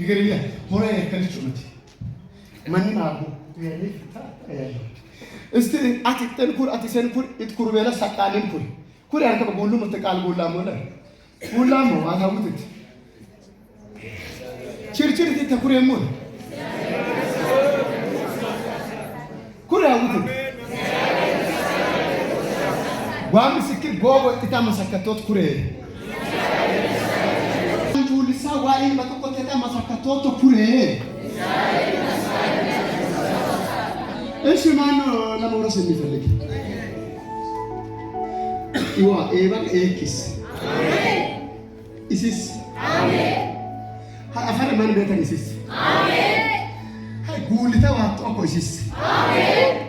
Nigeria, ሆራ የከልቹ ነቲ ማንን አቡ እስቲ አቲ ተልኩር አቲ ሰንኩር ኢትኩር በለ ሰቃልን ኩር ኩር ያርከ በቦሉ መተቃል ጎላ ሞለ ጎላ ነው አታውት ችርችር ተኩር የሞል ኩር ያውት ጓም ስክ ጎ ወጥታ መሰከቶት ኩር waa'een baqoqqottee masakkatootto kuree እሺ ማን ነው ለመውረስ የሚፈልግ? ይዋ ኤባን ኤክስ አሜን ኢሲስ አሜን ሀፈር ማን ቤተን ኢሲስ አሜን ጉልተ ዋጦ ኮ ኢሲስ አሜን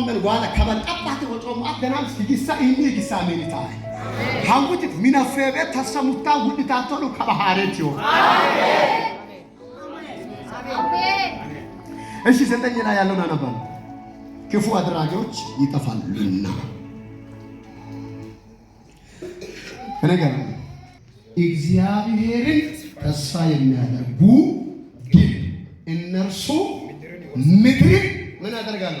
ጾምን ጓለ ከበጣጣት ወጾም አደናም ሲግሳ ይኒ ግሳ ሜኒታ ሃንጉት ሚናፈ ቤት ተሰሙታ ውድታ ተሉ ከባሃረት ይሁን እሺ፣ ዘጠኝ ላይ ያለውን አነባል። ክፉ አድራጊዎች ይጠፋሉና ነገር እግዚአብሔርን ተስፋ የሚያደርጉ ግን እነርሱ ምድርን ምን ያደርጋሉ?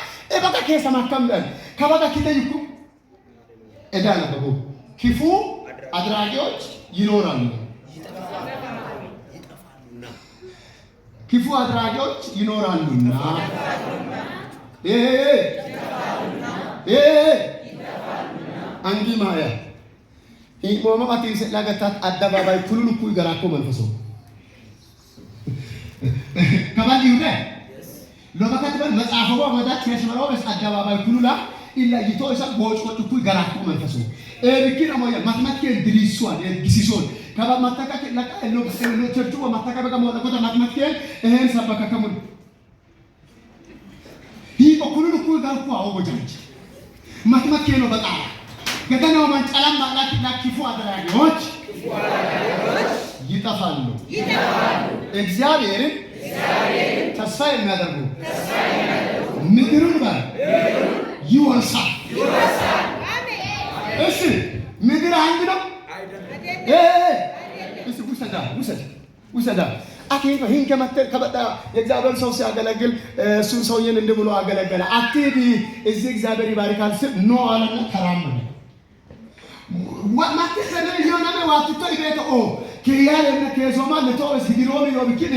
Mpaka kesa makamdan kabaka kitayኩ ዕዳ ነበሩ። ክፉ አድራጊዎች ይኖራሉ፣ ክፉ አድራጊዎች ይኖራሉና አንዲ ማያ ኢሞማአቲን ስለላገታት አደባባይ ሁሉ እኩል ገራኮ መንፈሶ ከባዲ ይሁዳ ለመከትበል መጻፈው ወዳች የሽመራው በአደባባይ ሁሉላ ኢላ ይቶ እሳት ቦጭቆጭ ኩይ ገራኩ መንፈሱ እብኪ ነው ማትማቲክ ድሪሷን የዲሲሶን ከባ ማታካክ ለቃ ሎ ከሰሎ ቸርቹ ማታካክ በቃ ሞላ ኮታ ማትማቲክ እሄን ሰበካ ከሙ ይቆ ሁሉ ኩይ ጋርኩ አወጃች ማትማቲክ ነው በቃ ገገናው ማንጫላም ማላክ ላኪፉ አደራጊዎች ይጠፋሉ ይጠፋሉ እግዚአብሔርን ተስፋ የሚያደርጉ ምድርን በ ይወርሳል። እሺ ምድር አንድ ነው። ውሰዳ አትሄድ። ይህን ከመጣ የእግዚአብሔር ሰው ሲያገለግል እሱን ሰውዬን እንዲህ ብሎ አገለገለ። አትሄድ እዚህ እግዚአብሔር ይባርካል ስል ኖ አለና ተራመደ። ማትሰነ ሊሆነ ዋትቶ ይቤተ ኦ ክያል የምትሄሶማ ልጦስ ሂድሮም ዮብኪን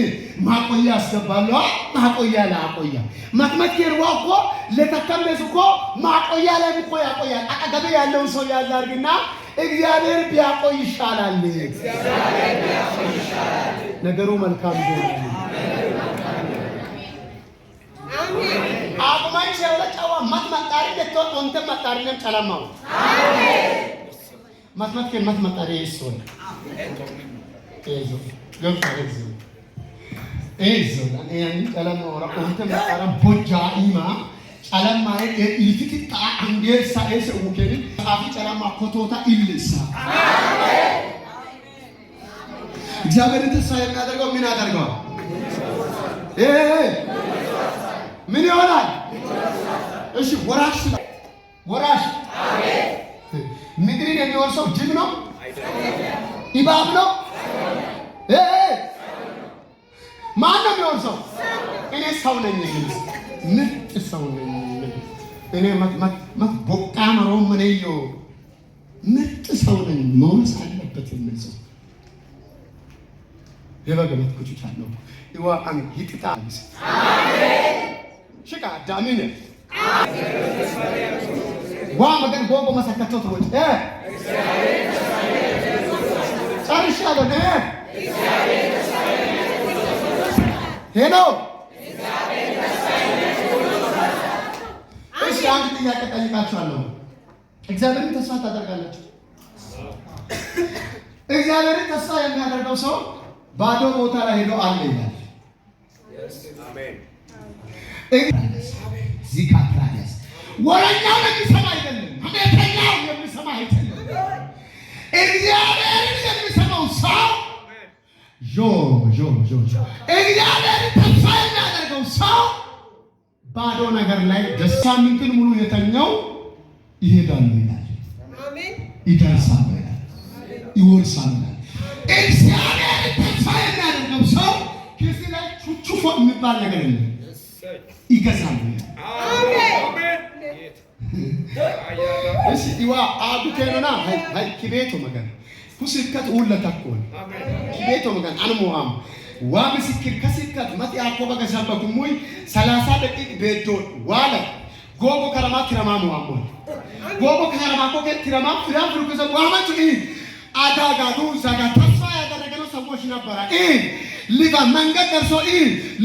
ማቆያ አስገባለሁ። ማቆያ ላቆያ መክመት ኬርዋ እኮ ለተከመስ እኮ ማቆያ ላይ እኮ ያቆያል። አጠገብ ያለውን ሰው ያዝ አድርግና እግዚአብሔር ቢያቆይ ይሻላል። ነገሩ መልካም ሆ አቁማይ ሸለ ጫዋ ማት መጣሪ ደቶ ወንተ መጣሪንም ጨለማው ማት መጣሪ ይሶን ቦጃኢማ ጨለም ማለት ኢትክጣ አንዴሳ ኤሰኡኬን ጸሐፊ ጨለማ ኮቶታ ኢልሳ እግዚአብሔርን ተስፋ የሚያደርገው ምን ያደርገዋል? ምን ይሆናል? እሺ ወራሽ ወራሽ ምድርን የሚወርሰው ጅብ ነው፣ እባብ ነው ማነው የሚሆን ሰው? እኔ ሰው ነኝ፣ ምርጥ ሰው ነኝ። እኔ ቦቃ መሮ ምንዮ ምርጥ ሰው ነኝ መውረስ አለበት የሚል ሰው የበገመት ኩቹቻ ነው ይዋ አን ይቅጣ ሽቃ ዳሚነ ዋ መገን ቦቦ መሰከተው ትወጭ ሰርሻለሁ። ይሄ ነው። እሺ አንድ ጥያቄ ጠይቃችኋለሁ። እግዚአብሔርን ተስፋ ታደርጋላችሁ? እግዚአብሔርን ተስፋ የሚያደርገው ሰው ባዶ ቦታ ላይ ሄዶ አለ ይላል። ወረኛ ጆ ዦ ዦ እግዚአብሔር ተስፋ የሚያደርገው ሰው ባዶ ነገር ላይ ሳምንትን ሙሉ የተኛው ይሄዳል ይላል፣ ይደርሳል ይላል፣ ይወርሳል ይላል። እግዚአብሔር ተስፋ የሚያደርገው ሰው ከዚህ ላይ ቹቹፎ የሚባል ነገር የለም፣ ይገዛል ይላል። አሜን። እሺ ይዋ አብቴ ሀይ ሀይ ኪቤቱ መገና ስብከት ሁለተኮን ቤቶም ጋር አንሞሃም ዋ ምስክር ከስብከት መጤ አኮ በገሰበኩሙይ ሰላሳ ደቂቅ ቤዶ ዋለ ጎቦ ከረማ ትረማ ሞአሞን ጎቦ ከረማ ኮ ትረማ ፍራ ፍሩክሰ ዋመች አዳጋዱ ዛጋ ተስፋ ያደረግነው ሰዎች ነበረ ልጋ መንገድ ደርሶ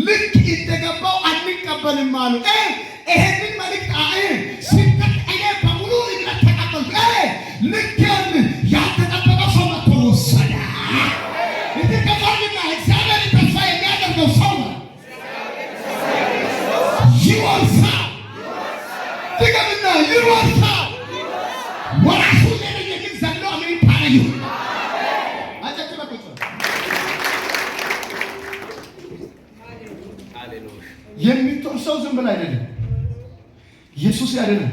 ልክ እንደገባው አንቀበልም አሉ። ይሄንን መልእክት ስብከት እኔ በሙሉ እግረት ተቀበልኩ ልክ ምን አይደለም ኢየሱስ ያደለም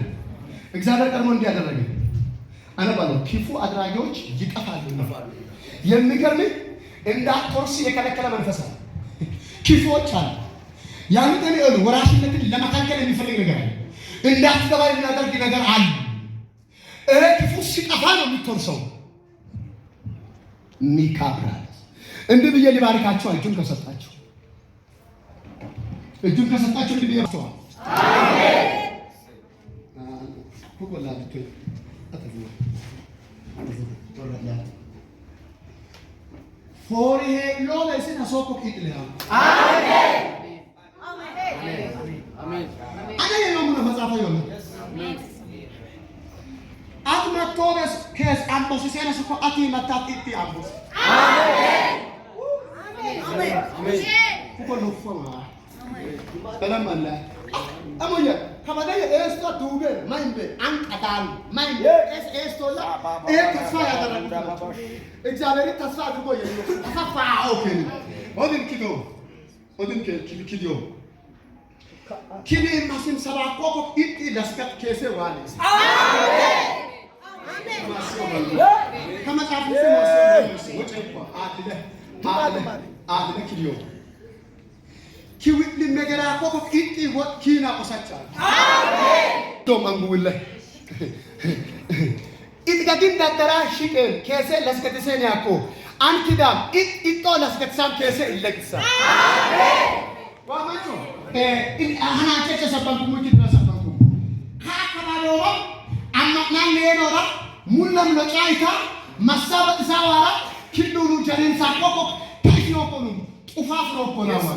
እግዚአብሔር ቀድሞ እንዲያደረገ አነባለሁ። ክፉ አድራጊዎች ይጠፋሉ። የሚገርምህ እንዳትቆርስ የከለከለ መንፈስ ነው። ክፉዎች አሉ። ያንተን እሉ ወራሽነትን ለመካከል የሚፈልግ ነገር አለ። እንዳትገባ የሚያደርግ ነገር አለ። ይሄ ክፉ ሲጠፋ ነው የሚቆርሰው። ሚካብራ እንዲህ ብዬ ሊባርካችሁ እጁን ከሰጣችሁ እጁን ከሰጣቸው እንግዲህ ረስተዋል። Amen. Kalam Allah. Amo ya, kamada ya esto dube, mainbe, be, an kadal, main be, es esto la. Eh tasfa ya da. Egzaberi tasfa adı koy Tasfa fa okey. Odun kido. Odun ke kibi kidio. Kibi masim sabah koko itti respect kese walis. Amin. Amen. Kama tafi mo so mo so. Adile. Adile. Adile kidio. megeraa koko itti kiinaa qusachaa domanguulle itgagin daddaraa shiqeen keessee laskatiseen yaakko ankidaam ittoo laskatisaam keessee illekisa waamachu hanaan keessa sabbankumuu jiddina sabbankumuu haa kabadooma amma naanneenoora mullam locaayitaa massaaba isaa waara kinduunu janeensaa koko tashiyokonum ufaaf rookkonaama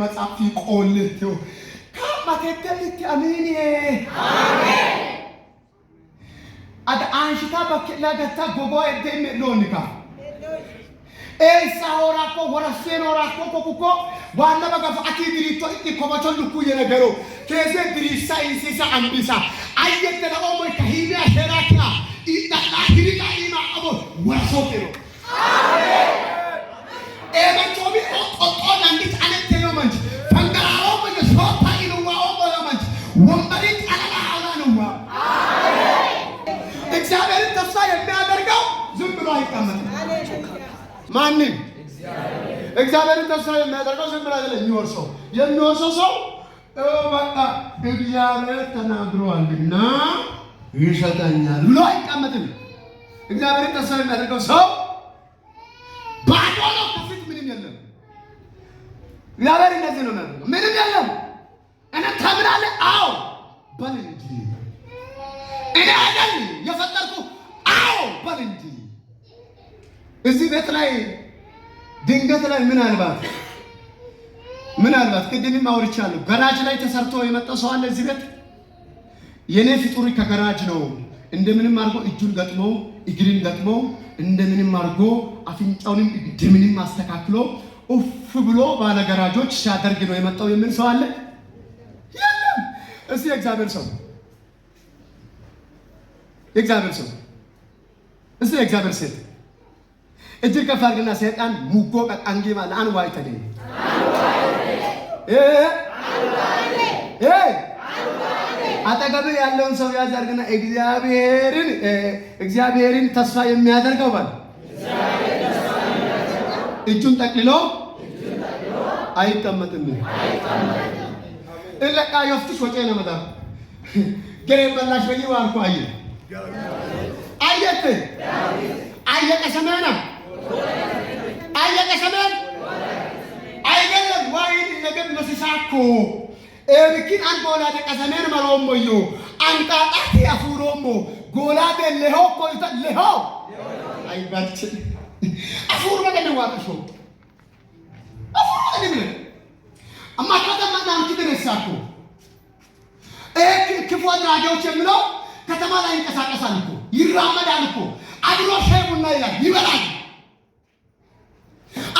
መጽሐፍ ይቆል ከማቴተልት አሜን አድ አንሽታ በክላ ገታ ጎጎ ኤደም ሎንካ ኤሳ ሆራኮ ወረሴን ሆራኮ ኮኩኮ ዋና በገፍ አቲ ድሪቶ እቲ ኮበቾ ልኩ የነገሮ ከዘ ድሪሳ ኢንሲሳ አንቢሳ አየተ ለኦሞ ከሂቢ አሸራካ ኢጣጣ ሂሪቃ ኢማ አቦ ወረሶቴ ነው አሜን እግዚአብሔርን ተስፋ የሚያደርገው ዝም ብሎ አይቀመጥም። ማንም እግዚአብሔርን ተስፋ የሚያደርገው ዝም ብሎ አይደለም የሚወርሰው የሚወርሰው ሰው በቃ እግዚአብሔር ተናግሯልና ይሰጠኛል ብሎ አይቀመጥም። እግዚአብሔርን ተስፋ የሚያደርገው ሰው ባዶ ነው። እግዚአብሔር እንደዚህ ነው ማለት ነው። ምንም የለም። እኔ ተምራለ። አዎ በል እንጂ እኔ አይደል የፈጠርኩ? አዎ በል እንጂ እዚህ ቤት ላይ ድንገት ላይ ምናልባት ምናልባት ቅድምም አውርቻለሁ። ገራጅ ላይ ተሰርቶ የመጣ ሰው አለ እዚህ ቤት። የእኔ ፍጡር ከገራጅ ነው። እንደምንም አድርጎ እጁን ገጥሞ እግርን ገጥሞ እንደምንም አድርጎ አፍንጫውንም እንደምንም አስተካክሎ ኡፍ ብሎ ባለገራጆች ሲያደርግ ነው የመጣው የሚል ሰው አለ? የለም። እስቲ የእግዚአብሔር ሰው የእግዚአብሔር ሰው እስቲ የእግዚአብሔር ሴት እጅግ ከፍ አድርግና ሰይጣን ሙጎ ቀጣንጌ ማለ አንዋይ ተደ አጠገብህ ያለውን ሰው ያዝ አድርግና እግዚአብሔርን እግዚአብሔርን ተስፋ የሚያደርገው ባል እጁን ጠቅልሎ አይቀመጥም። እለቃ ዮፍትሽ ወጪ ነው መጣ ገሬ በላሽ በይ ዋልኩ አይ አየት አየቀ ሰመና አየቀ ሰመን አይገለም ዋይን ነገር መስሳኩ እርኪን ኤርኪን አንጎላ ተቀሰመን መሮሞ ወዩ አንጣጣት ያፉሮሞ ጎላ ደለሆ ኮልተ ለሆ አይባችን Afuuruma kenne waaqa shoo. Afuuruma kenne bile. Amma akkata manaan ክፉ አድራጊዎች የሚለው ከተማ ላይ ይንቀሳቀሳል እኮ ይራመዳል እኮ አድሮ ሻይ ይላል፣ ይበላል።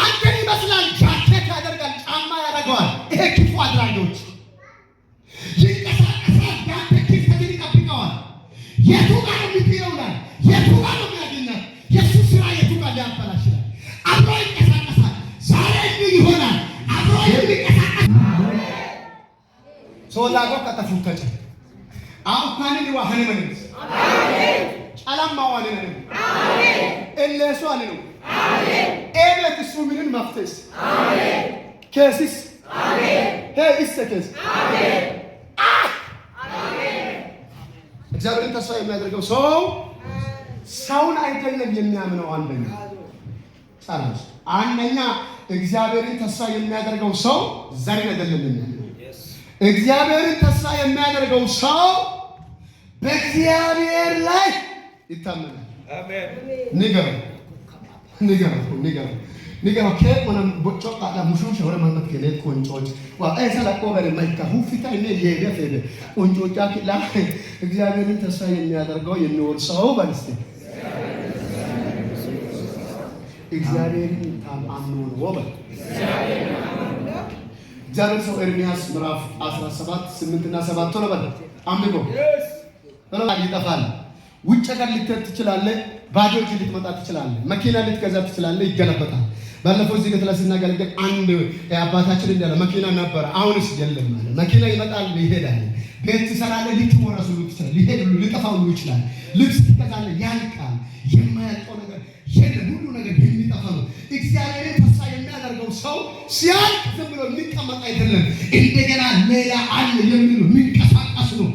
አንተን ይመስላል። ጃኬት ያደርጋል፣ ጫማ ያደርገዋል። ይሄ ክፉ አድራጊዎች ይንቀሳቀሳል። ያንተ ኪፍ ይጠብቀዋል። የቱ ጋር ሚት ተወላጎ ከተፉተጨ አውካንን ዋህን ምንም ጨለማዋንን ምንም እለሱ አሜን ኤቤት እሱ ምንን መፍትስ ኬሲስ እሰ ኬስ እግዚአብሔርን ተስፋ የሚያደርገው ሰው ሰውን አይደለም የሚያምነው። አንደኛ ጻራስ አንደኛ እግዚአብሔርን ተስፋ የሚያደርገው ሰው ዘርን አይደለም የሚያምነው እግዚአብሔርን ተስፋ የሚያደርገው ሰው በእግዚአብሔር ላይ ይታመናል። ንገሩ ንገሩ ንገሩ ንገሩ ከ ወለም ቦጮ ቃላ ሙሹም ሸወረ ማለት ከሌ ቆንጮች ዋ አይሰላ ቆበረ ማይካ ሁፊታ እኔ የገፍ የደ ቆንጮጫ ኪላ እግዚአብሔርን ተስፋ የሚያደርገው የሚወርሰው ባልስቲ እግዚአብሔርን ታማምኑ ወበል እግዚአብሔር ሰው ኤርሚያስ ምዕራፍ 17 8 እና 7 ቶሎ በል አንብቦ ቶሎ በል ይጠፋል። ውጭ ሀገር ልትሄድ ትችላለህ። ባዶ እጅ ልትመጣ ትችላለህ። መኪና ልትገዛ ትችላለህ። ይገለበታል። ባለፈው እዚህ ከተላ ስናገለግል አንድ አባታችን እንዳለ መኪና ነበረ፣ አሁንስ የለም አለ። መኪና ይመጣል፣ ይሄዳል። ቤት ትሰራለህ፣ ልትወረሱ ትችላለህ፣ ሊሄድ ሁሉ ሊጠፋ ሁሉ ይችላል። ልብስ ትገዛለህ፣ ያልቃል። የማያልቀው ነገር የለም። ሁሉ ነገር የሚጠፋ ነው። እግዚአብሔር ያለውም ሰው ሲያልቅ ዝም ብሎ የሚቀመጥ አይደለም። እንደገና ሌላ አለ የሚሉ የሚንቀሳቀስ ነው፣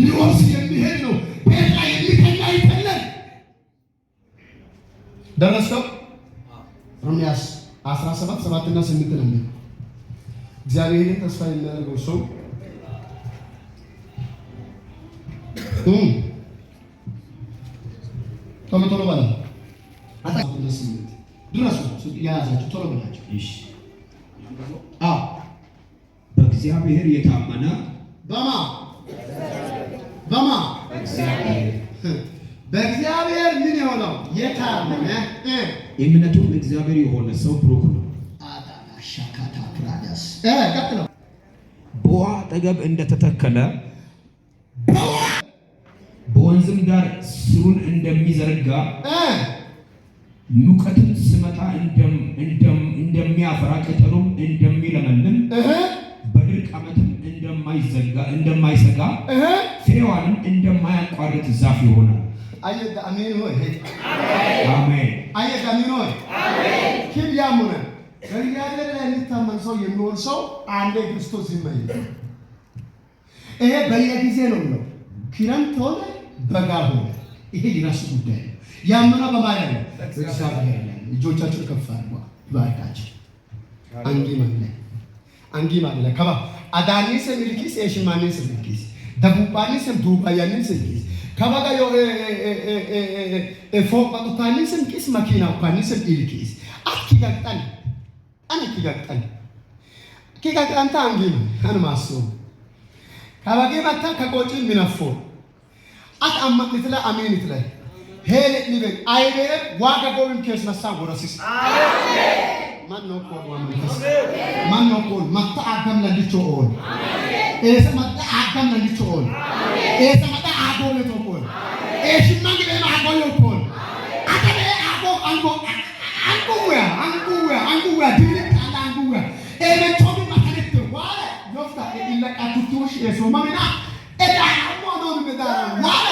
ሊወርስ የሚሄድ ነው። ቤት የሚተኛ አይደለም። ደረሰው ሮሚያስ 17 7ና 8 ነው። እግዚአብሔርን ተስፋ የሚያደርገው ሰው ቶሎ ቶሎ ባለ ድረሱ የያዛቸው ቶሎ ብላቸው። በእግዚአብሔር የታመነ በማ በማ በእግዚአብሔር ምን የሆነው የታመነ እምነቱም እግዚአብሔር የሆነ ሰው ብሩክ ነው። አዳናሻካታ ፕራዳስ ቀጥለው በውሃ አጠገብ እንደተተከለ በወንዝም ዳር ስሩን እንደሚዘረጋ ሙቀትን ስመጣ እንደሚያፈራ ቅጠሉም እንደሚለመልም በድርቅ ዓመትም እንደማይሰጋ ፍሬዋንም እንደማያቋርጥ ዛፍ ይሆናል። አየህ አሜን ሆይ አሜን። አየህ አሜን ሆይ አሜን። ኪብያም ሆነ በእግዚአብሔር ላይ የሚታመን ሰው የሚሆን ሰው አንዴ ክርስቶስ ይመኝ። ይሄ በየጊዜ ነው ነው፣ ክረምት ሆነ በጋ ሆነ፣ ይሄ የራሱ ጉዳይ ያምኖ በማርያም እግዚአብሔር ያለ ልጆቻችሁን ከፍ አድርጉ፣ ባርካቸው። አንጊ ማለ አንጊ ማለ ከባ አዳኒስ ምልኪስ የሽማኒስ ምልኪስ ደቡባኒስ ዱባያኒስ ምልኪስ ከበጋ ዮ ፎቅጣኒስ ምልኪስ መኪና ኳኒስ ምልኪስ አትኪጋቅጠን አን ኪጋቅጠን ኪጋቅጠንታ አንጊ አንማሱ ከበጌ መታ ከቆጭ ምናፎ አት አማቅትለ አሜን ትለ Heri ni ben. IBF waka golun kes na sango rasis. Amen. Man no ko wa man. Man no ko matta agam na dicho on. Amen. Esa matta agam na dicho on. Amen. Esa matta agol na dicho on. Esa mangi be ma agol yo on. Ata be agol ango ango wa ango wa ango wa dile ala ango wa. Eme tobi ma kane to wala. Yofta e illa katutushi esoma mena. Eda amo no me da wala.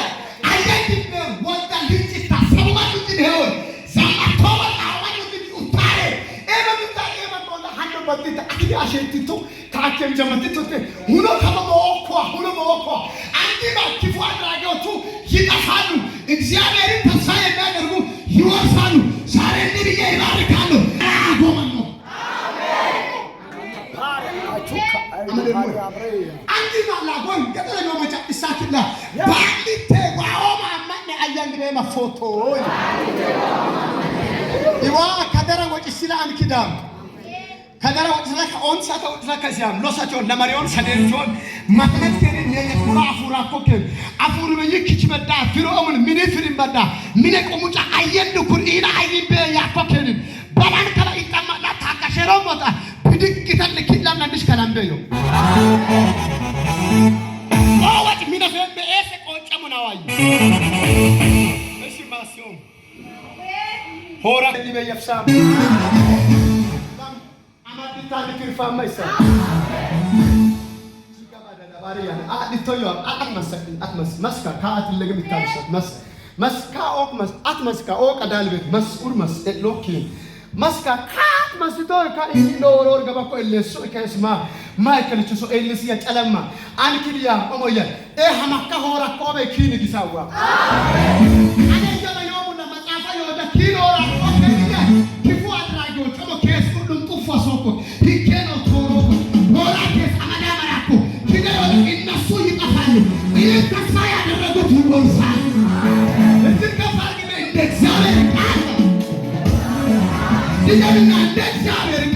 partita, anche ha sentito, cacchio, già mettito te, uno cavolo qua, uno qua, anche ma chi fu a drago tu, chi da fanno, e zia Mary passare a me, chi vuol fanno, sarei lì che varicano, ah, come no. አንዲ ማላጎን ገጠለ ነው መጫ ኢሳትላ ባሊቴ ዋኦማ ማነ አያንግሬ መፎቶ ይዋ ከደረ ወጭ ሲላ አንኪዳም ከደረ ወጥተካ ኦንሳተ ወጥተካ ሲያም ሎሳቾን ለማሪዮን ሰደርቾን ማመንቴሪ ነየ ቁራ አፉራ ኮከ አፉር በይክች መጣ ፍሮምን ምን ፍሪም መዳ ምን ቆሙጫ አየንዱ ኩር ኢና አይበ ያኮከን ባላን ከላ ይጣማላ ታካሸሮ ሞታ ብድቅ ይተል ኪላም ለንሽ ከላም በዮ ወጥ ምን ፈም በኤስ ቆንጨሙ ናዋይ እሺ ማሲዮ ሆራ ይበየፍሳ He can't ይህን ተስፋ ያደረጉት ይወርሳል። እዚህ ከፋ እንደ እግዚአብሔር ቃል ድገምና እንደ እግዚአብሔር